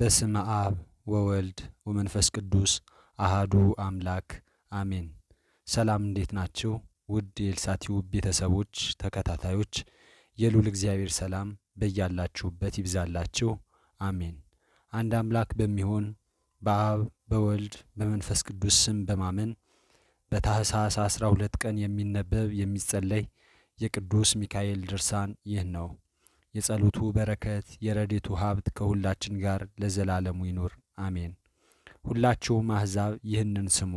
በስመ አብ ወወልድ ወመንፈስ ቅዱስ አሃዱ አምላክ አሜን። ሰላም እንዴት ናችሁ? ውድ የኤልሳቲው ቤተሰቦች ተከታታዮች የሉል እግዚአብሔር ሰላም በያላችሁበት ይብዛላችሁ አሜን። አንድ አምላክ በሚሆን በአብ በወልድ በመንፈስ ቅዱስ ስም በማመን በታህሳስ 12 ቀን የሚነበብ የሚጸለይ የቅዱስ ሚካኤል ድርሳን ይህ ነው። የጸሎቱ በረከት የረዴቱ ሀብት ከሁላችን ጋር ለዘላለሙ ይኑር አሜን። ሁላችሁም አሕዛብ ይህንን ስሙ፣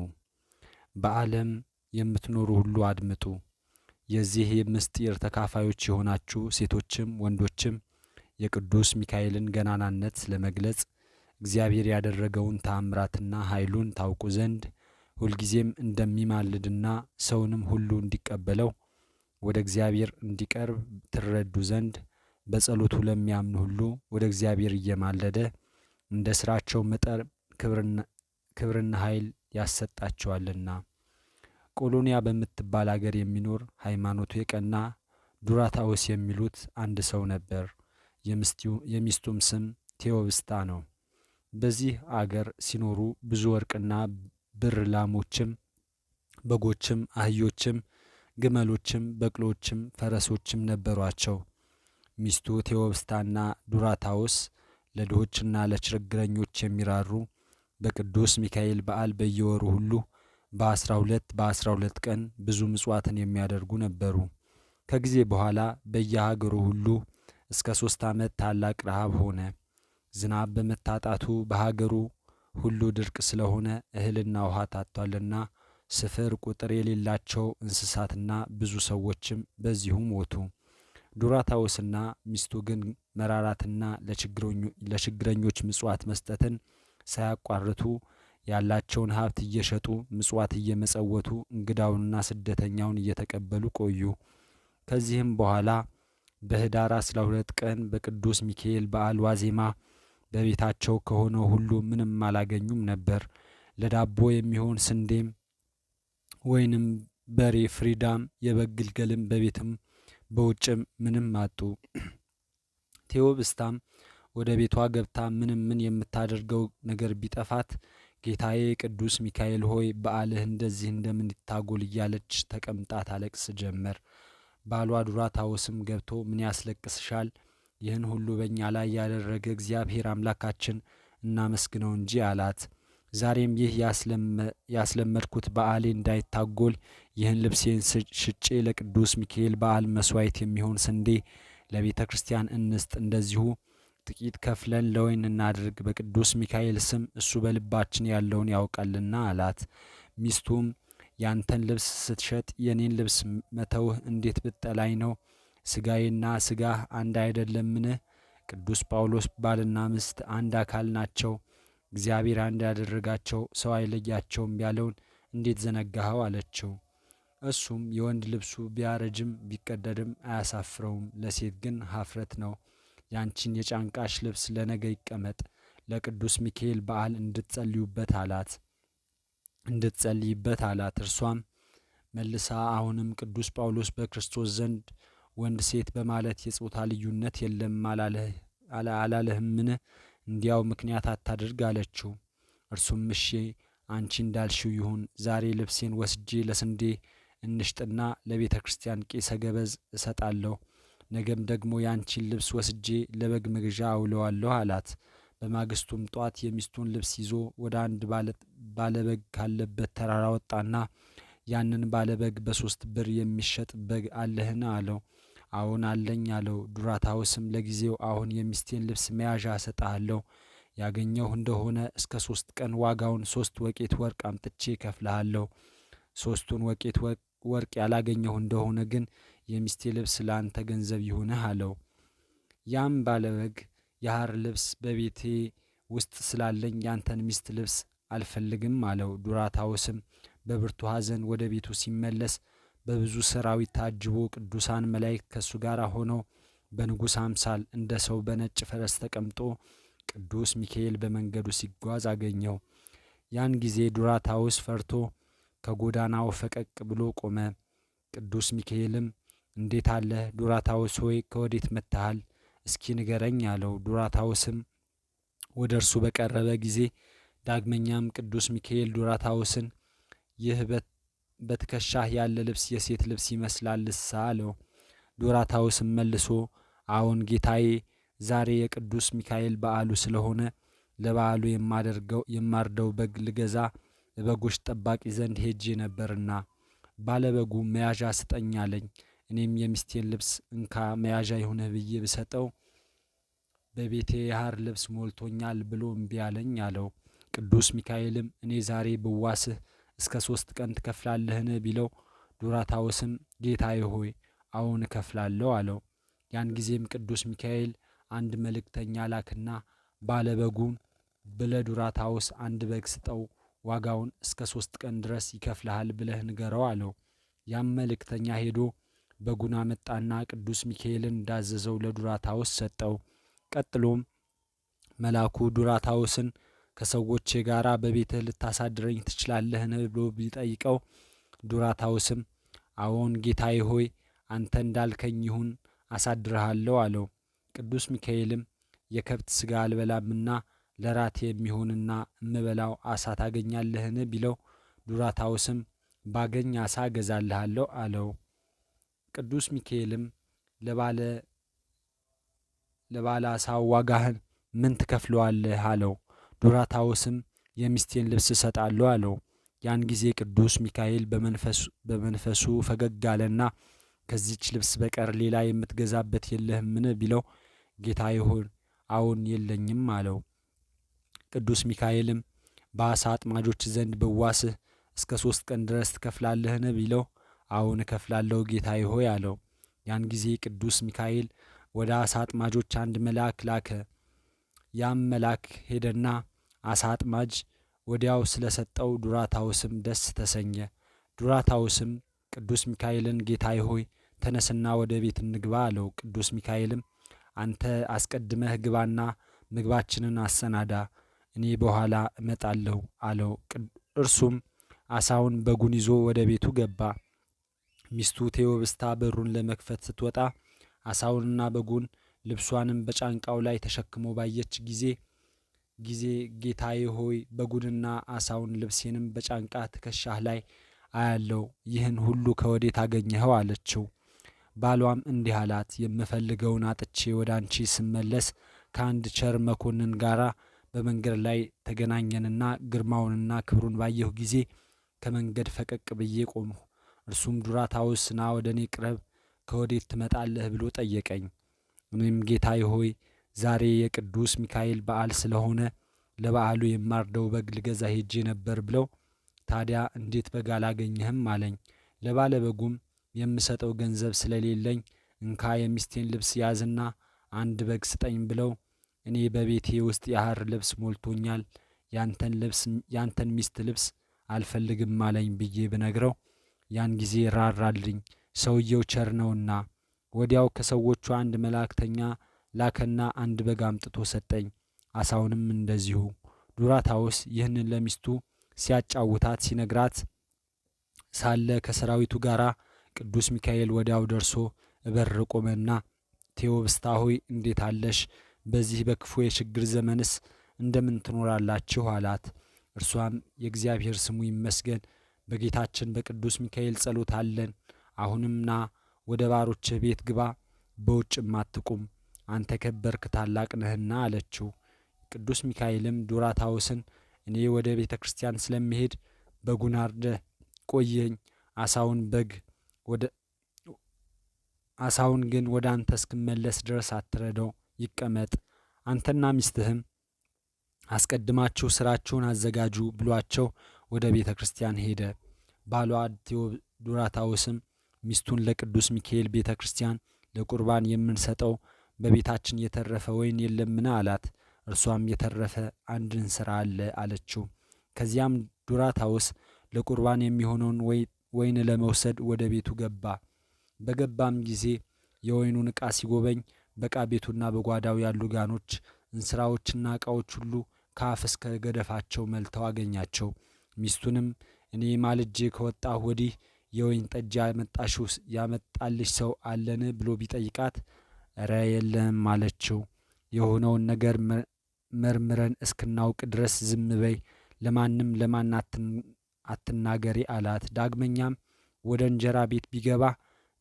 በዓለም የምትኖሩ ሁሉ አድምጡ። የዚህ የምስጢር ተካፋዮች የሆናችሁ ሴቶችም ወንዶችም የቅዱስ ሚካኤልን ገናናነት ለመግለጽ እግዚአብሔር ያደረገውን ተአምራትና ኃይሉን ታውቁ ዘንድ ሁልጊዜም እንደሚማልድና ሰውንም ሁሉ እንዲቀበለው ወደ እግዚአብሔር እንዲቀርብ ትረዱ ዘንድ በጸሎቱ ለሚያምኑ ሁሉ ወደ እግዚአብሔር እየማለደ እንደ ስራቸው መጠር ክብርና ኃይል ያሰጣቸዋልና። ቆሎንያ በምትባል አገር የሚኖር ሃይማኖቱ የቀና ዱራታዎስ የሚሉት አንድ ሰው ነበር። የሚስቱም ስም ቴዎብስታ ነው። በዚህ አገር ሲኖሩ ብዙ ወርቅና ብር፣ ላሞችም፣ በጎችም፣ አህዮችም፣ ግመሎችም፣ በቅሎችም፣ ፈረሶችም ነበሯቸው። ሚስቱ ቴዎብስታና ዱራታውስ ለድሆችና ለችግረኞች የሚራሩ በቅዱስ ሚካኤል በዓል በየወሩ ሁሉ በአስራ ሁለት በአስራ ሁለት ቀን ብዙ ምጽዋትን የሚያደርጉ ነበሩ። ከጊዜ በኋላ በየሀገሩ ሁሉ እስከ ሦስት ዓመት ታላቅ ረሃብ ሆነ። ዝናብ በመታጣቱ በሀገሩ ሁሉ ድርቅ ስለሆነ እህልና ውሃ ታጥቷልና ስፍር ቁጥር የሌላቸው እንስሳትና ብዙ ሰዎችም በዚሁ ሞቱ። ዱራታውስና ሚስቱ ግን መራራትና ለችግረኞች ምጽዋት መስጠትን ሳያቋርቱ ያላቸውን ሀብት እየሸጡ ምጽዋት እየመጸወቱ እንግዳውንና ስደተኛውን እየተቀበሉ ቆዩ። ከዚህም በኋላ በህዳር አስራ ሁለት ቀን በቅዱስ ሚካኤል በዓል ዋዜማ በቤታቸው ከሆነው ሁሉ ምንም አላገኙም ነበር። ለዳቦ የሚሆን ስንዴም ወይንም በሬ ፍሪዳም የበግ ግልገልም በቤትም በውጭም ምንም አጡ። ቴዎብስታም ወደ ቤቷ ገብታ ምንም ምን የምታደርገው ነገር ቢጠፋት ጌታዬ ቅዱስ ሚካኤል ሆይ በዓልህ እንደዚህ እንደምን ይታጎል እያለች ተቀምጣ ታለቅስ ጀመር። ባሏ ዱራታዎስም ገብቶ ምን ያስለቅስሻል? ይህን ሁሉ በእኛ ላይ ያደረገ እግዚአብሔር አምላካችን እናመስግነው እንጂ አላት። ዛሬም ይህ ያስለመድኩት በዓሌ እንዳይታጎል ይህን ልብሴን ሽጬ ለቅዱስ ሚካኤል በዓል መስዋዕት የሚሆን ስንዴ ለቤተ ክርስቲያን እንስጥ። እንደዚሁ ጥቂት ከፍለን ለወይን እናድርግ፣ በቅዱስ ሚካኤል ስም እሱ በልባችን ያለውን ያውቃልና አላት። ሚስቱም ያንተን ልብስ ስትሸጥ የኔን ልብስ መተውህ እንዴት ብጠላኝ ነው? ስጋዬና ስጋህ አንድ አይደለምን? ቅዱስ ጳውሎስ ባልና ሚስት አንድ አካል ናቸው እግዚአብሔር አንድ ያደረጋቸው ሰው አይለያቸውም ያለውን እንዴት ዘነጋኸው አለችው። እሱም የወንድ ልብሱ ቢያረጅም ቢቀደድም አያሳፍረውም፣ ለሴት ግን ሀፍረት ነው። ያንቺን የጫንቃሽ ልብስ ለነገ ይቀመጥ፣ ለቅዱስ ሚካኤል በዓል እንድትጸልዩበት አላት እንድትጸልይበት አላት። እርሷም መልሳ አሁንም ቅዱስ ጳውሎስ በክርስቶስ ዘንድ ወንድ ሴት በማለት የጾታ ልዩነት የለም አላለህምን? እንዲያው ምክንያት አታድርግ አለችው። እርሱም እሺ አንቺ እንዳልሽው ይሁን፣ ዛሬ ልብሴን ወስጄ ለስንዴ እንሽጥና ለቤተ ክርስቲያን ቄሰ ገበዝ እሰጣለሁ፣ ነገም ደግሞ ያንቺን ልብስ ወስጄ ለበግ መግዣ አውለዋለሁ አላት። በማግስቱም ጧት የሚስቱን ልብስ ይዞ ወደ አንድ ባለበግ ካለበት ተራራ ወጣና ያንን ባለበግ በሶስት ብር የሚሸጥ በግ አለህን? አለው። አሁን አለኝ አለው። ዱራታውስም ለጊዜው አሁን የሚስቴን ልብስ መያዣ እሰጥሃለሁ፣ ያገኘሁ እንደሆነ እስከ ሶስት ቀን ዋጋውን ሶስት ወቄት ወርቅ አምጥቼ እከፍልሃለሁ። ሶስቱን ወቄት ወርቅ ያላገኘሁ እንደሆነ ግን የሚስቴ ልብስ ለአንተ ገንዘብ ይሁንህ አለው። ያም ባለበግ የሐር ልብስ በቤቴ ውስጥ ስላለኝ ያንተን ሚስት ልብስ አልፈልግም አለው። ዱራታውስም በብርቱ ሐዘን ወደ ቤቱ ሲመለስ በብዙ ሰራዊት ታጅቦ ቅዱሳን መላእክት ከእሱ ጋር ሆነው በንጉሥ አምሳል እንደ ሰው በነጭ ፈረስ ተቀምጦ ቅዱስ ሚካኤል በመንገዱ ሲጓዝ አገኘው። ያን ጊዜ ዱራታውስ ፈርቶ ከጎዳናው ፈቀቅ ብሎ ቆመ። ቅዱስ ሚካኤልም እንዴት አለ ዱራታውስ ሆይ ከወዴት መጥተሃል? እስኪ ንገረኝ አለው። ዱራታውስም ወደ እርሱ በቀረበ ጊዜ ዳግመኛም ቅዱስ ሚካኤል ዱራታውስን ይህ በት በትከሻህ ያለ ልብስ የሴት ልብስ ይመስላል ይመስላልሳ አለው። ዶራታውስም መልሶ አዎን ጌታዬ፣ ዛሬ የቅዱስ ሚካኤል በዓሉ ስለሆነ ለበዓሉ የማደርገው የማርደው በግ ልገዛ በጎች ጠባቂ ዘንድ ሄጄ ነበርና ባለበጉ መያዣ ስጠኝ አለኝ። እኔም የሚስቴን ልብስ እንካ መያዣ የሆነ ብዬ ብሰጠው በቤቴ የሐር ልብስ ሞልቶኛል ብሎ እምቢ አለኝ አለው። ቅዱስ ሚካኤልም እኔ ዛሬ ብዋስህ እስከ ሶስት ቀን ትከፍላለህን ቢለው ዱራታውስም ጌታዬ ሆይ አሁን እከፍላለሁ አለው። ያን ጊዜም ቅዱስ ሚካኤል አንድ መልእክተኛ ላክና ባለበጉን ዱራታውስ አንድ በግ ስጠው ዋጋውን እስከ ሶስት ቀን ድረስ ይከፍልሃል ብለህ ንገረው አለው። ያም መልእክተኛ ሄዶ በጉን አመጣና ቅዱስ ሚካኤልን እንዳዘዘው ለዱራታውስ ሰጠው። ቀጥሎም መልአኩ ዱራታውስን ከሰዎች ጋር በቤትህ ልታሳድረኝ ትችላለህን? ብሎ ቢጠይቀው ዱራታውስም አዎን ጌታዬ ሆይ አንተ እንዳልከኝ ይሁን አሳድርሃለሁ አለው። ቅዱስ ሚካኤልም የከብት ሥጋ አልበላምና ለራት የሚሆንና እምበላው አሳ ታገኛለህን? ቢለው ዱራታውስም ባገኝ አሳ እገዛልሃለሁ አለው። ቅዱስ ሚካኤልም ለባለ አሳው ዋጋህን ምን ትከፍለዋለህ? አለው። ዱራታውስም የሚስቴን ልብስ እሰጣለሁ አለው። ያን ጊዜ ቅዱስ ሚካኤል በመንፈሱ ፈገግ አለና ከዚች ልብስ በቀር ሌላ የምትገዛበት የለህምን ቢለው ጌታ ይሁን አሁን የለኝም አለው። ቅዱስ ሚካኤልም በአሳ አጥማጆች ዘንድ ብዋስህ እስከ ሶስት ቀን ድረስ ትከፍላለህን ቢለው አሁን እከፍላለሁ ጌታ ይሆይ አለው። ያን ጊዜ ቅዱስ ሚካኤል ወደ አሳ አጥማጆች አንድ መልአክ ላከ። ያም መልአክ ሄደና አሳ አጥማጅ ወዲያው ስለሰጠው ዱራታውስም ደስ ተሰኘ። ዱራታውስም ቅዱስ ሚካኤልን ጌታዬ ሆይ ተነስና ወደ ቤት እንግባ አለው። ቅዱስ ሚካኤልም አንተ አስቀድመህ ግባና ምግባችንን አሰናዳ፣ እኔ በኋላ እመጣለሁ አለው። እርሱም አሳውን በጉን ይዞ ወደ ቤቱ ገባ። ሚስቱ ቴዎብስታ በሩን ለመክፈት ስትወጣ አሳውንና በጉን ልብሷንም በጫንቃው ላይ ተሸክሞ ባየች ጊዜ ጊዜ ጌታዬ ሆይ በጉንና አሳውን ልብሴንም በጫንቃ ትከሻህ ላይ አያለው ይህን ሁሉ ከወዴት አገኘኸው? አለችው። ባሏም እንዲህ አላት፣ የምፈልገውን አጥቼ ወደ አንቺ ስመለስ ከአንድ ቸር መኮንን ጋር በመንገድ ላይ ተገናኘንና ግርማውንና ክብሩን ባየሁ ጊዜ ከመንገድ ፈቀቅ ብዬ ቆምሁ። እርሱም ዱራታውስ ና ወደ እኔ ቅረብ፣ ከወዴት ትመጣለህ ብሎ ጠየቀኝ። እኔም ጌታዬ ሆይ ዛሬ የቅዱስ ሚካኤል በዓል ስለሆነ ለበዓሉ የማርደው በግ ልገዛ ሄጄ ነበር ብለው፣ ታዲያ እንዴት በግ አላገኘህም አለኝ። ለባለ በጉም የምሰጠው ገንዘብ ስለሌለኝ እንካ የሚስቴን ልብስ ያዝና አንድ በግ ስጠኝ ብለው፣ እኔ በቤቴ ውስጥ የሐር ልብስ ሞልቶኛል፣ ያንተን ሚስት ልብስ አልፈልግም አለኝ ብዬ ብነግረው ያን ጊዜ ራራልኝ፣ ሰውየው ቸር ነውና። ወዲያው ከሰዎቹ አንድ መላእክተኛ ላከና አንድ በግ አምጥቶ ሰጠኝ። አሳውንም እንደዚሁ። ዱራታውስ ይህንን ለሚስቱ ሲያጫውታት ሲነግራት ሳለ ከሰራዊቱ ጋራ ቅዱስ ሚካኤል ወዲያው ደርሶ እበር ቆመና ቴዎብስታ ሆይ እንዴት አለሽ? በዚህ በክፉ የችግር ዘመንስ እንደምን ትኖራላችሁ? አላት። እርሷም የእግዚአብሔር ስሙ ይመስገን በጌታችን በቅዱስ ሚካኤል ጸሎት አለን። አሁንም ና ወደ ባሮችህ ቤት ግባ፣ በውጭም አትቁም። አንተ ከበርክ ታላቅ ነህና አለችው። ቅዱስ ሚካኤልም ዱራታውስን እኔ ወደ ቤተ ክርስቲያን ስለሚሄድ በጉን አርደ ቆየኝ፣ አሳውን በግ ወደ አሳውን ግን ወደ አንተ እስክመለስ ድረስ አትረደው፣ ይቀመጥ። አንተና ሚስትህም አስቀድማችሁ ስራችሁን አዘጋጁ ብሏቸው ወደ ቤተ ክርስቲያን ሄደ። ባሏ ቴዎዱራታዎስም ሚስቱን ለቅዱስ ሚካኤል ቤተ ክርስቲያን ለቁርባን የምንሰጠው በቤታችን የተረፈ ወይን የለምን? አላት። እርሷም የተረፈ አንድ እንስራ አለ አለችው። ከዚያም ዱራታውስ ለቁርባን የሚሆነውን ወይን ለመውሰድ ወደ ቤቱ ገባ። በገባም ጊዜ የወይኑን ዕቃ ሲጎበኝ በዕቃ ቤቱና በጓዳው ያሉ ጋኖች፣ እንስራዎችና ዕቃዎች ሁሉ ከአፍ እስከ ገደፋቸው መልተው አገኛቸው። ሚስቱንም እኔ ማልጄ ከወጣሁ ወዲህ የወይን ጠጅ ያመጣልሽ ሰው አለን ብሎ ቢጠይቃት እረ የለህም አለችው። የሆነውን ነገር መርምረን እስክናውቅ ድረስ ዝም በይ፣ ለማንም ለማን አትናገሪ አላት። ዳግመኛም ወደ እንጀራ ቤት ቢገባ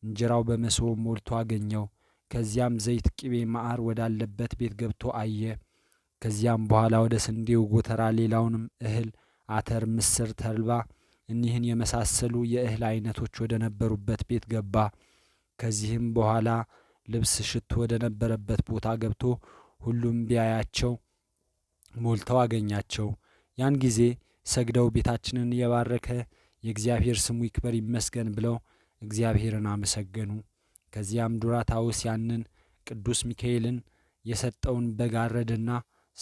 እንጀራው በመሶብ ሞልቶ አገኘው። ከዚያም ዘይት፣ ቅቤ፣ ማዕር ወዳለበት ቤት ገብቶ አየ። ከዚያም በኋላ ወደ ስንዴው ጎተራ ሌላውንም እህል፣ አተር፣ ምስር፣ ተልባ እኒህን የመሳሰሉ የእህል አይነቶች ወደ ነበሩበት ቤት ገባ። ከዚህም በኋላ ልብስ ሽቱ ወደ ነበረበት ቦታ ገብቶ ሁሉም ቢያያቸው ሞልተው አገኛቸው። ያን ጊዜ ሰግደው ቤታችንን የባረከ የእግዚአብሔር ስሙ ይክበር ይመስገን ብለው እግዚአብሔርን አመሰገኑ። ከዚያም ዱራታውስ ያንን ቅዱስ ሚካኤልን የሰጠውን በግ አረደና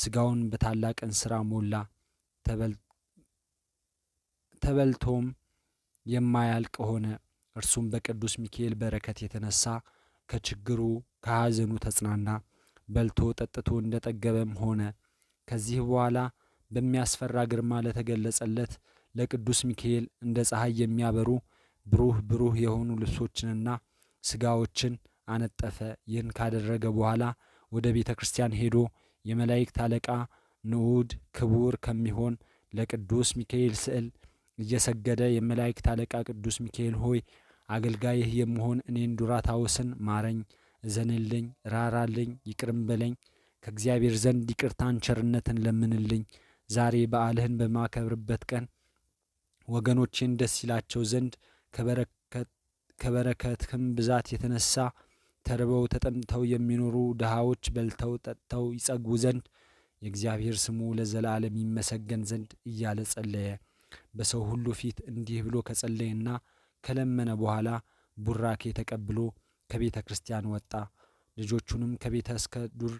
ስጋውን በታላቅ እንስራ ሞላ። ተበልቶም የማያልቅ ሆነ። እርሱም በቅዱስ ሚካኤል በረከት የተነሳ ከችግሩ ከሐዘኑ ተጽናና፣ በልቶ ጠጥቶ እንደጠገበም ሆነ። ከዚህ በኋላ በሚያስፈራ ግርማ ለተገለጸለት ለቅዱስ ሚካኤል እንደ ፀሐይ የሚያበሩ ብሩህ ብሩህ የሆኑ ልብሶችንና ስጋዎችን አነጠፈ። ይህን ካደረገ በኋላ ወደ ቤተ ክርስቲያን ሄዶ የመላእክት አለቃ ንዑድ ክቡር ከሚሆን ለቅዱስ ሚካኤል ስዕል እየሰገደ የመላእክት አለቃ ቅዱስ ሚካኤል ሆይ አገልጋይህ የምሆን እኔን ዱራታውስን ማረኝ፣ እዘንልኝ፣ ራራልኝ፣ ይቅርም በለኝ፣ ከእግዚአብሔር ዘንድ ይቅርታን ቸርነትን ለምንልኝ። ዛሬ በዓልህን በማከብርበት ቀን ወገኖቼን ደስ ይላቸው ዘንድ ከበረከትህም ብዛት የተነሳ ተርበው ተጠምተው የሚኖሩ ድሃዎች በልተው ጠጥተው ይጸጉ ዘንድ የእግዚአብሔር ስሙ ለዘላለም ይመሰገን ዘንድ እያለ ጸለየ። በሰው ሁሉ ፊት እንዲህ ብሎ ከጸለየና ከለመነ በኋላ ቡራኬ ተቀብሎ ከቤተ ክርስቲያን ወጣ። ልጆቹንም ከቤተ እስከ ዱር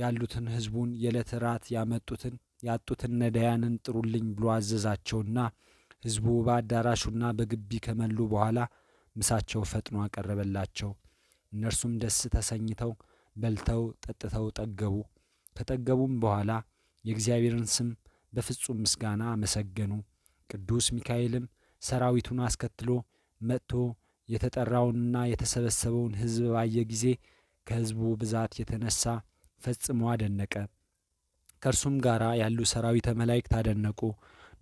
ያሉትን ህዝቡን የዕለት ራት ያመጡትን ያጡትን ነዳያንን ጥሩልኝ ብሎ አዘዛቸውና ህዝቡ በአዳራሹና በግቢ ከመሉ በኋላ ምሳቸው ፈጥኖ አቀረበላቸው። እነርሱም ደስ ተሰኝተው በልተው ጠጥተው ጠገቡ። ከጠገቡም በኋላ የእግዚአብሔርን ስም በፍጹም ምስጋና አመሰገኑ። ቅዱስ ሚካኤልም ሰራዊቱን አስከትሎ መጥቶ የተጠራውንና የተሰበሰበውን ሕዝብ ባየ ጊዜ ከሕዝቡ ብዛት የተነሳ ፈጽሞ አደነቀ። ከእርሱም ጋር ያሉ ሰራዊተ መላእክት አደነቁ።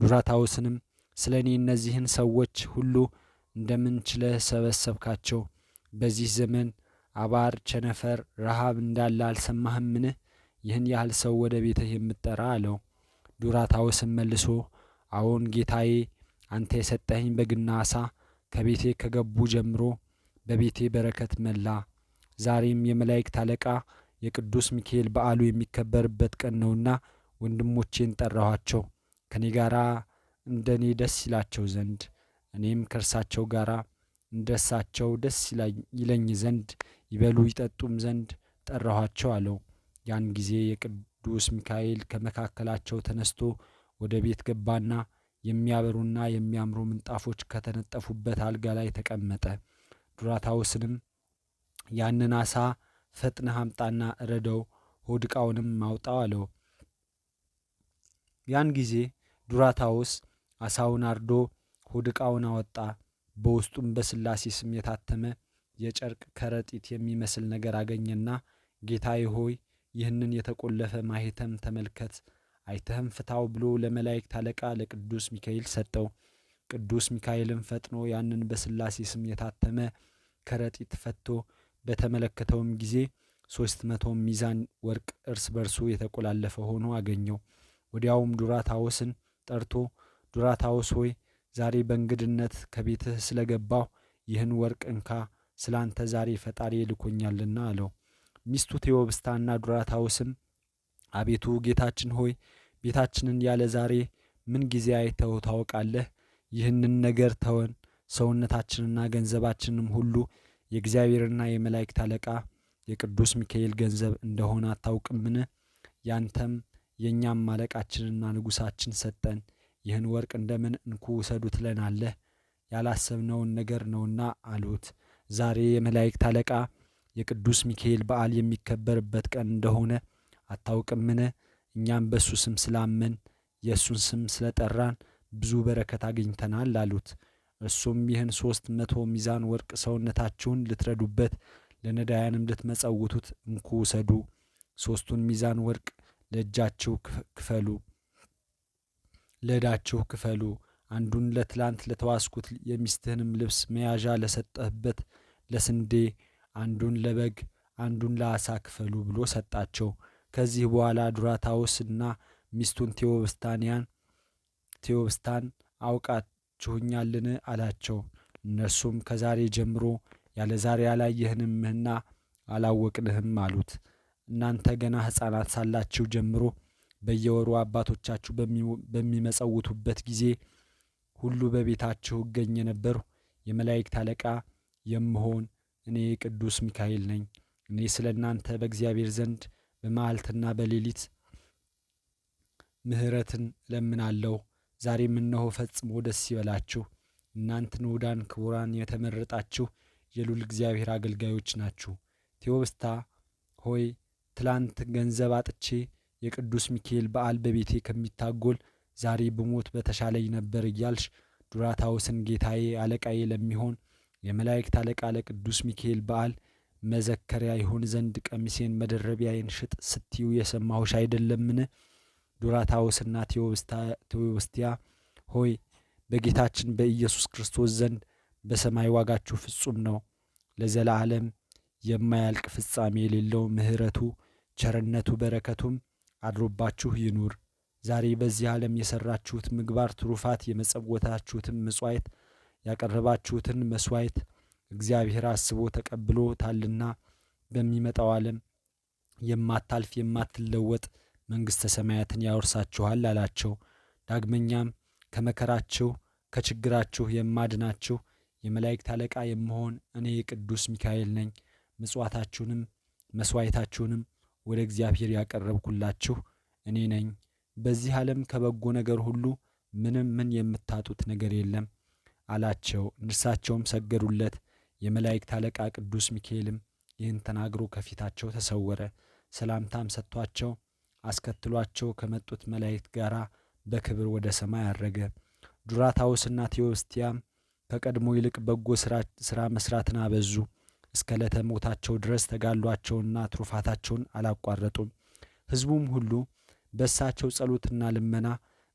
ዱራታውስንም ስለ እኔ እነዚህን ሰዎች ሁሉ እንደምን ችለ ሰበሰብካቸው? በዚህ ዘመን አባር፣ ቸነፈር፣ ረሃብ እንዳለ አልሰማህምን? ይህን ያህል ሰው ወደ ቤትህ የምጠራ አለው። ዱራታዎስም መልሶ አዎን ጌታዬ፣ አንተ የሰጠኸኝ በግና አሳ ከቤቴ ከገቡ ጀምሮ በቤቴ በረከት መላ። ዛሬም የመላእክት አለቃ የቅዱስ ሚካኤል በዓሉ የሚከበርበት ቀን ነውና ወንድሞቼን ጠራኋቸው ከእኔ ጋር እንደ እኔ ደስ ይላቸው ዘንድ እኔም ከእርሳቸው ጋር እንደሳቸው ደስ ይለኝ ዘንድ ይበሉ ይጠጡም ዘንድ ጠራኋቸው አለው። ያን ጊዜ የቅዱስ ሚካኤል ከመካከላቸው ተነስቶ ወደ ቤት ገባና የሚያበሩና የሚያምሩ ምንጣፎች ከተነጠፉበት አልጋ ላይ ተቀመጠ። ዱራታውስንም ያንን አሳ ፈጥነህ አምጣና እረደው፣ ሆድቃውንም ዕቃውንም አለው። ያን ጊዜ ዱራታውስ አሳውን አርዶ ሆድ አወጣ። በውስጡም በስላሴ ስም የታተመ የጨርቅ ከረጢት የሚመስል ነገር አገኘና ጌታዬ ሆይ ይህንን የተቆለፈ ማኅተም ተመልከት አይተህም ፍታው ብሎ ለመላእክት አለቃ ለቅዱስ ሚካኤል ሰጠው። ቅዱስ ሚካኤልም ፈጥኖ ያንን በስላሴ ስም የታተመ ከረጢት ፈቶ በተመለከተውም ጊዜ ሶስት መቶ ሚዛን ወርቅ እርስ በርሱ የተቆላለፈ ሆኖ አገኘው። ወዲያውም ዱራታውስን ጠርቶ ዱራታውስ ሆይ ዛሬ በእንግድነት ከቤትህ ስለገባሁ ይህን ወርቅ እንካ፣ ስላንተ ዛሬ ፈጣሪ ልኮኛልና አለው። ሚስቱ ቴዎብስታና ዱራታውስም አቤቱ ጌታችን ሆይ ቤታችንን ያለ ዛሬ ምን ጊዜ አይተው ታውቃለህ? ይህንን ነገር ተወን። ሰውነታችንና ገንዘባችንም ሁሉ የእግዚአብሔርና የመላእክት አለቃ የቅዱስ ሚካኤል ገንዘብ እንደሆነ አታውቅምን? ያንተም የእኛም አለቃችንና ንጉሳችን ሰጠን። ይህን ወርቅ እንደምን እንኩ ውሰዱ ትለናለህ? ያላሰብነውን ነገር ነውና አሉት። ዛሬ የመላእክት አለቃ የቅዱስ ሚካኤል በዓል የሚከበርበት ቀን እንደሆነ አታውቅምን? እኛም በእሱ ስም ስላመን የእሱን ስም ስለጠራን ብዙ በረከት አግኝተናል አሉት። እሱም ይህን ሶስት መቶ ሚዛን ወርቅ ሰውነታችሁን ልትረዱበት ለነዳያንም ልትመጸውቱት እንኩ ውሰዱ። ሶስቱን ሚዛን ወርቅ ለእጃችሁ ክፈሉ፣ ለዳችሁ ክፈሉ። አንዱን ለትላንት ለተዋስኩት የሚስትህንም ልብስ መያዣ ለሰጠህበት ለስንዴ፣ አንዱን ለበግ፣ አንዱን ለአሳ ክፈሉ ብሎ ሰጣቸው። ከዚህ በኋላ ዱራታውስና ሚስቱን ቴዎብስታንያን ቴዎብስታን አውቃችሁኛልን አላቸው። እነርሱም ከዛሬ ጀምሮ ያለ ዛሬ አላየህንምህና አላወቅንህም አሉት። እናንተ ገና ሕፃናት ሳላችሁ ጀምሮ በየወሩ አባቶቻችሁ በሚመጸውቱበት ጊዜ ሁሉ በቤታችሁ እገኝ የነበርሁ የመላእክት አለቃ የምሆን እኔ ቅዱስ ሚካኤል ነኝ። እኔ ስለ እናንተ በእግዚአብሔር ዘንድ በመዓልትና በሌሊት ምሕረትን እለምናለሁ። ዛሬም እነሆ ፈጽሞ ደስ ይበላችሁ። እናንት ንዑዳን ክቡራን የተመረጣችሁ የሉል እግዚአብሔር አገልጋዮች ናችሁ። ቴዎብስታ ሆይ ትላንት ገንዘብ አጥቼ የቅዱስ ሚካኤል በዓል በቤቴ ከሚታጎል ዛሬ ብሞት በተሻለኝ ነበር እያልሽ ዱራታውስን ጌታዬ አለቃዬ ለሚሆን የመላእክት አለቃ ለቅዱስ ሚካኤል በዓል መዘከሪያ ይሆን ዘንድ ቀሚሴን መደረቢያዬን ሽጥ ስትዩ የሰማሁሽ አይደለምን? ዱራታውስና ቴዎብስቲያ ሆይ በጌታችን በኢየሱስ ክርስቶስ ዘንድ በሰማይ ዋጋችሁ ፍጹም ነው። ለዘላለም የማያልቅ ፍጻሜ የሌለው ምሕረቱ፣ ቸርነቱ፣ በረከቱም አድሮባችሁ ይኑር። ዛሬ በዚህ ዓለም የሠራችሁት ምግባር ትሩፋት፣ የመጸወታችሁትን መሥዋዕት፣ ያቀረባችሁትን መሥዋዕት እግዚአብሔር አስቦ ተቀብሎታልና በሚመጣው ዓለም የማታልፍ የማትለወጥ መንግሥተ ሰማያትን ያወርሳችኋል አላቸው። ዳግመኛም ከመከራችሁ ከችግራችሁ የማድናችሁ የመላእክት አለቃ የምሆን እኔ ቅዱስ ሚካኤል ነኝ። ምጽዋታችሁንም መሥዋዕታችሁንም ወደ እግዚአብሔር ያቀረብኩላችሁ እኔ ነኝ። በዚህ ዓለም ከበጎ ነገር ሁሉ ምንም ምን የምታጡት ነገር የለም አላቸው። እርሳቸውም ሰገዱለት። የመላእክት አለቃ ቅዱስ ሚካኤልም ይህን ተናግሮ ከፊታቸው ተሰወረ። ሰላምታም ሰጥቷቸው አስከትሏቸው ከመጡት መላእክት ጋር በክብር ወደ ሰማይ አረገ። ዱራታውስና ቴዎስቲያም ከቀድሞ ይልቅ በጎ ሥራ መስራትን አበዙ። እስከ ዕለተ ሞታቸው ድረስ ተጋሏቸውና ትሩፋታቸውን አላቋረጡም። ሕዝቡም ሁሉ በእሳቸው ጸሎትና ልመና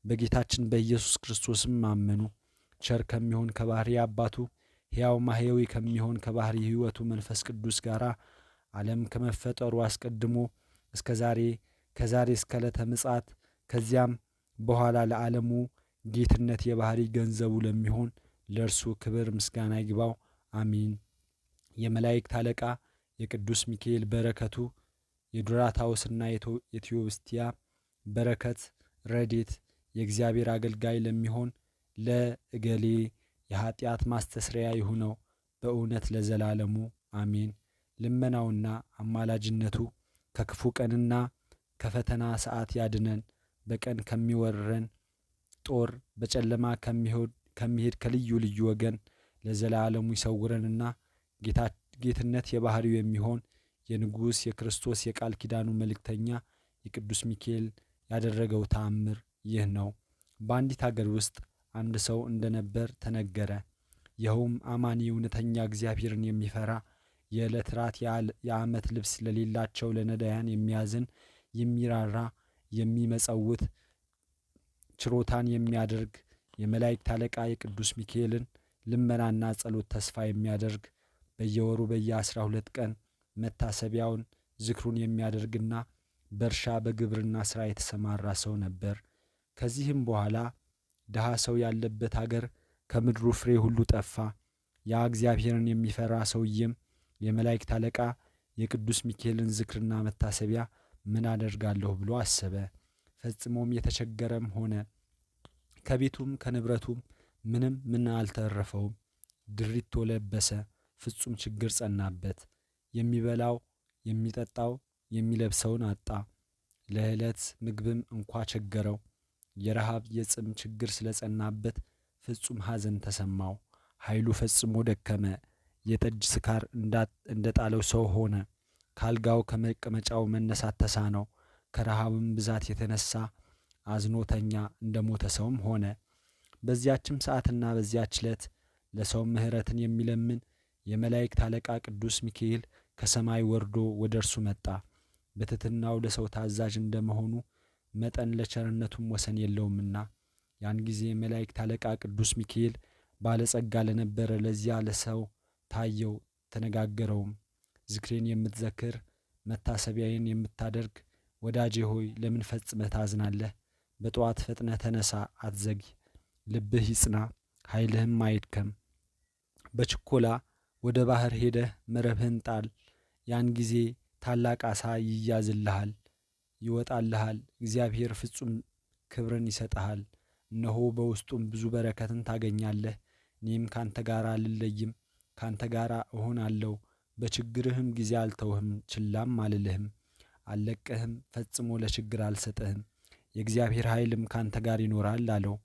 በጌታችን በኢየሱስ ክርስቶስም አመኑ። ቸር ከሚሆን ከባሕሪ አባቱ ሕያው ማሕየዊ ከሚሆን ከባሕሪ ሕይወቱ መንፈስ ቅዱስ ጋር ዓለም ከመፈጠሩ አስቀድሞ እስከ ዛሬ ከዛሬ እስከ ዕለተ ምጽአት ከዚያም በኋላ ለዓለሙ ጌትነት የባሕሪ ገንዘቡ ለሚሆን ለእርሱ ክብር ምስጋና ይግባው፣ አሚን። የመላእክት አለቃ የቅዱስ ሚካኤል በረከቱ የዱራታውስና የቴዎብስቲያ በረከት ረዴት የእግዚአብሔር አገልጋይ ለሚሆን ለእገሌ የኀጢአት ማስተስሪያ ይሁነው በእውነት ለዘላለሙ አሜን። ልመናውና አማላጅነቱ ከክፉ ቀንና ከፈተና ሰዓት ያድነን። በቀን ከሚወረን ጦር በጨለማ ከሚሄድ ከልዩ ልዩ ወገን ለዘላለሙ ይሰውረንና ጌትነት የባህሪው የሚሆን የንጉሥ የክርስቶስ የቃል ኪዳኑ መልእክተኛ የቅዱስ ሚካኤል ያደረገው ተአምር ይህ ነው። በአንዲት አገር ውስጥ አንድ ሰው እንደነበር ተነገረ። ይኸውም አማኒ እውነተኛ እግዚአብሔርን የሚፈራ የዕለት ራት የዓመት ልብስ ለሌላቸው ለነዳያን የሚያዝን የሚራራ የሚመጸውት ችሮታን የሚያደርግ የመላእክት አለቃ የቅዱስ ሚካኤልን ልመናና ጸሎት ተስፋ የሚያደርግ በየወሩ በየአስራ ሁለት ቀን መታሰቢያውን ዝክሩን የሚያደርግና በእርሻ በግብርና ሥራ የተሰማራ ሰው ነበር። ከዚህም በኋላ ድሃ ሰው ያለበት አገር ከምድሩ ፍሬ ሁሉ ጠፋ። ያ እግዚአብሔርን የሚፈራ ሰውዬም የመላእክት አለቃ የቅዱስ ሚካኤልን ዝክርና መታሰቢያ ምን አደርጋለሁ ብሎ አሰበ። ፈጽሞም የተቸገረም ሆነ። ከቤቱም ከንብረቱም ምንም ምን አልተረፈውም። ድሪቶ ለበሰ። ፍጹም ችግር ጸናበት። የሚበላው የሚጠጣው የሚለብሰውን አጣ። ለዕለት ምግብም እንኳ ቸገረው። የረሃብ የጽም ችግር ስለጸናበት ፍጹም ሐዘን ተሰማው። ኃይሉ ፈጽሞ ደከመ። የጠጅ ስካር እንደጣለው ሰው ሆነ። ካልጋው ከመቀመጫው መነሳት ተሳነው። ከረሃብም ብዛት የተነሳ አዝኖተኛ እንደ ሞተ ሰውም ሆነ። በዚያችም ሰዓትና በዚያች ዕለት ለሰው ምሕረትን የሚለምን የመላእክት አለቃ ቅዱስ ሚካኤል ከሰማይ ወርዶ ወደ እርሱ መጣ። በትሕትናው ለሰው ታዛዥ እንደመሆኑ መጠን ለቸርነቱም ወሰን የለውምና ያን ጊዜ መላእክት አለቃ ቅዱስ ሚካኤል ባለጸጋ ለነበረ ለዚያ ለሰው ታየው፣ ተነጋገረውም። ዝክሬን የምትዘክር መታሰቢያዬን የምታደርግ ወዳጄ ሆይ ለምን ፈጽመህ ታዝናለህ? በጠዋት ፈጥነ ተነሳ፣ አትዘግይ። ልብህ ይጽና፣ ኃይልህም አይድከም። በችኮላ ወደ ባህር ሄደህ መረብህን ጣል። ያን ጊዜ ታላቅ አሳ ይያዝልሃል። ይወጣልሃል፣ እግዚአብሔር ፍጹም ክብርን ይሰጥሃል። እነሆ በውስጡም ብዙ በረከትን ታገኛለህ። እኔም ካንተ ጋር አልለይም፣ ካንተ ጋር እሆናለሁ። በችግርህም ጊዜ አልተውህም፣ ችላም አልልህም፣ አልለቅህም፣ ፈጽሞ ለችግር አልሰጥህም። የእግዚአብሔር ኃይልም ካንተ ጋር ይኖራል አለው።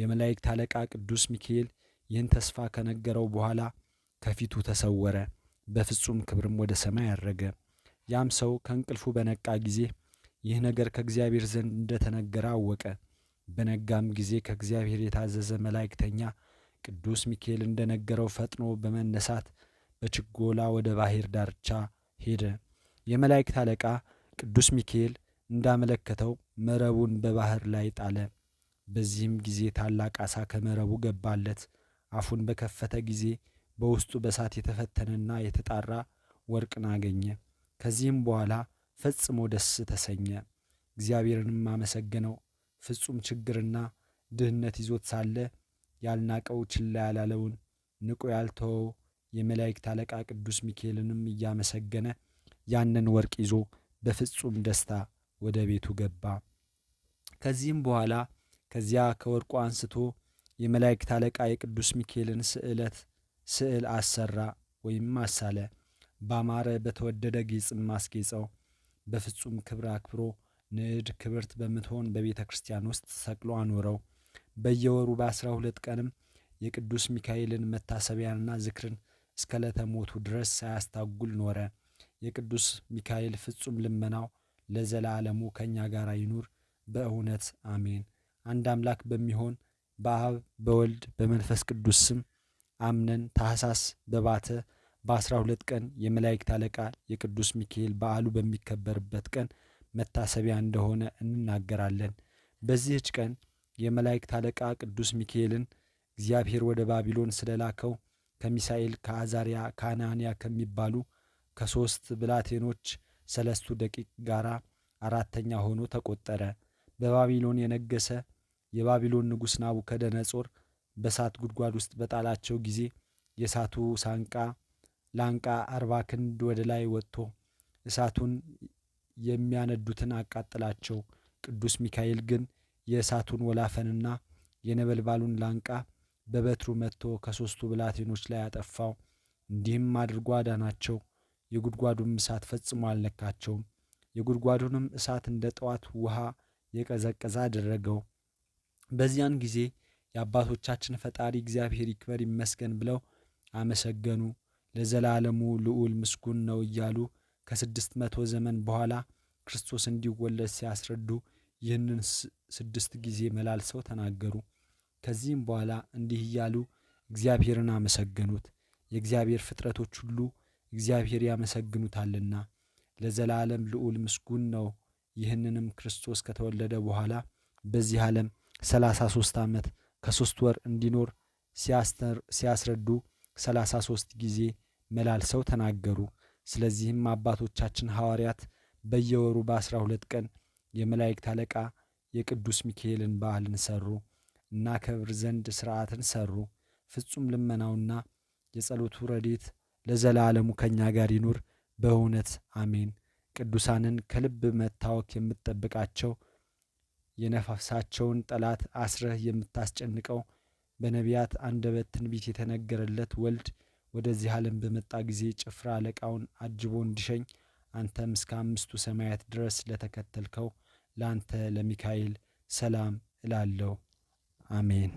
የመላእክት አለቃ ቅዱስ ሚካኤል ይህን ተስፋ ከነገረው በኋላ ከፊቱ ተሰወረ፣ በፍጹም ክብርም ወደ ሰማይ አረገ። ያም ሰው ከእንቅልፉ በነቃ ጊዜ ይህ ነገር ከእግዚአብሔር ዘንድ እንደተነገረ አወቀ። በነጋም ጊዜ ከእግዚአብሔር የታዘዘ መላእክተኛ ቅዱስ ሚካኤል እንደነገረው ፈጥኖ በመነሳት በችጎላ ወደ ባሕር ዳርቻ ሄደ። የመላእክት አለቃ ቅዱስ ሚካኤል እንዳመለከተው መረቡን በባሕር ላይ ጣለ። በዚህም ጊዜ ታላቅ ዓሣ ከመረቡ ገባለት። አፉን በከፈተ ጊዜ በውስጡ በሳት የተፈተነና የተጣራ ወርቅን አገኘ። ከዚህም በኋላ ፈጽሞ ደስ ተሰኘ። እግዚአብሔርንም አመሰገነው። ፍጹም ችግርና ድህነት ይዞት ሳለ ያልናቀው ችላ ያላለውን ንቆ ያልተወው የመላእክት አለቃ ቅዱስ ሚካኤልንም እያመሰገነ ያንን ወርቅ ይዞ በፍጹም ደስታ ወደ ቤቱ ገባ። ከዚህም በኋላ ከዚያ ከወርቁ አንስቶ የመላእክት አለቃ የቅዱስ ሚካኤልን ስዕለት ስዕል አሰራ ወይም አሳለ። ባማረ በተወደደ ጌጽም አስጌጸው። በፍጹም ክብር አክብሮ ንዕድ ክብርት በምትሆን በቤተ ክርስቲያን ውስጥ ሰቅሎ አኖረው። በየወሩ በአስራ ሁለት ቀንም የቅዱስ ሚካኤልን መታሰቢያንና ዝክርን እስከ ለተሞቱ ድረስ ሳያስታጉል ኖረ። የቅዱስ ሚካኤል ፍጹም ልመናው ለዘላለሙ ከእኛ ጋር ይኑር በእውነት አሜን። አንድ አምላክ በሚሆን በአብ በወልድ በመንፈስ ቅዱስ ስም አምነን ታሳስ በባተ በአስራ ሁለት ቀን የመላእክት አለቃ የቅዱስ ሚካኤል በዓሉ በሚከበርበት ቀን መታሰቢያ እንደሆነ እንናገራለን። በዚህች ቀን የመላእክት አለቃ ቅዱስ ሚካኤልን እግዚአብሔር ወደ ባቢሎን ስለላከው ከሚሳኤል፣ ከአዛሪያ፣ ከአናንያ ከሚባሉ ከሦስት ብላቴኖች ሰለስቱ ደቂቅ ጋር አራተኛ ሆኖ ተቆጠረ። በባቢሎን የነገሰ የባቢሎን ንጉሥ ናቡከደነጾር በእሳት ጉድጓድ ውስጥ በጣላቸው ጊዜ የእሳቱ ሳንቃ ላንቃ አርባ ክንድ ወደ ላይ ወጥቶ እሳቱን የሚያነዱትን አቃጥላቸው። ቅዱስ ሚካኤል ግን የእሳቱን ወላፈንና የነበልባሉን ላንቃ በበትሩ መጥቶ ከሦስቱ ብላቴኖች ላይ አጠፋው። እንዲህም አድርጎ አዳናቸው። የጉድጓዱም እሳት ፈጽሞ አልነካቸውም። የጉድጓዱንም እሳት እንደ ጠዋት ውሃ የቀዘቀዘ አደረገው። በዚያን ጊዜ የአባቶቻችን ፈጣሪ እግዚአብሔር ይክበር ይመስገን ብለው አመሰገኑ። ለዘላለሙ ልዑል ምስጉን ነው እያሉ ከስድስት መቶ ዘመን በኋላ ክርስቶስ እንዲወለድ ሲያስረዱ ይህንን ስድስት ጊዜ መላልሰው ተናገሩ። ከዚህም በኋላ እንዲህ እያሉ እግዚአብሔርን አመሰገኑት። የእግዚአብሔር ፍጥረቶች ሁሉ እግዚአብሔር ያመሰግኑታልና ለዘላለም ልዑል ምስጉን ነው። ይህንንም ክርስቶስ ከተወለደ በኋላ በዚህ ዓለም ሰላሳ ሶስት ዓመት ከሶስት ወር እንዲኖር ሲያስረዱ ሰላሳ ሶስት ጊዜ መላልሰው ተናገሩ። ስለዚህም አባቶቻችን ሐዋርያት በየወሩ በአስራ ሁለት ቀን የመላእክት አለቃ የቅዱስ ሚካኤልን በዓልን ሰሩ እና ከብር ዘንድ ሥርዓትን ሰሩ። ፍጹም ልመናውና የጸሎቱ ረዴት ለዘላለሙ ከእኛ ጋር ይኑር በእውነት አሜን። ቅዱሳንን ከልብ መታወክ የምትጠብቃቸው የነፋሳቸውን ጠላት አስረህ የምታስጨንቀው በነቢያት አንደበት ትንቢት የተነገረለት ወልድ ወደዚህ ዓለም በመጣ ጊዜ ጭፍራ አለቃውን አጅቦ እንዲሸኝ አንተም እስከ አምስቱ ሰማያት ድረስ ለተከተልከው ለአንተ ለሚካኤል ሰላም እላለሁ። አሜን።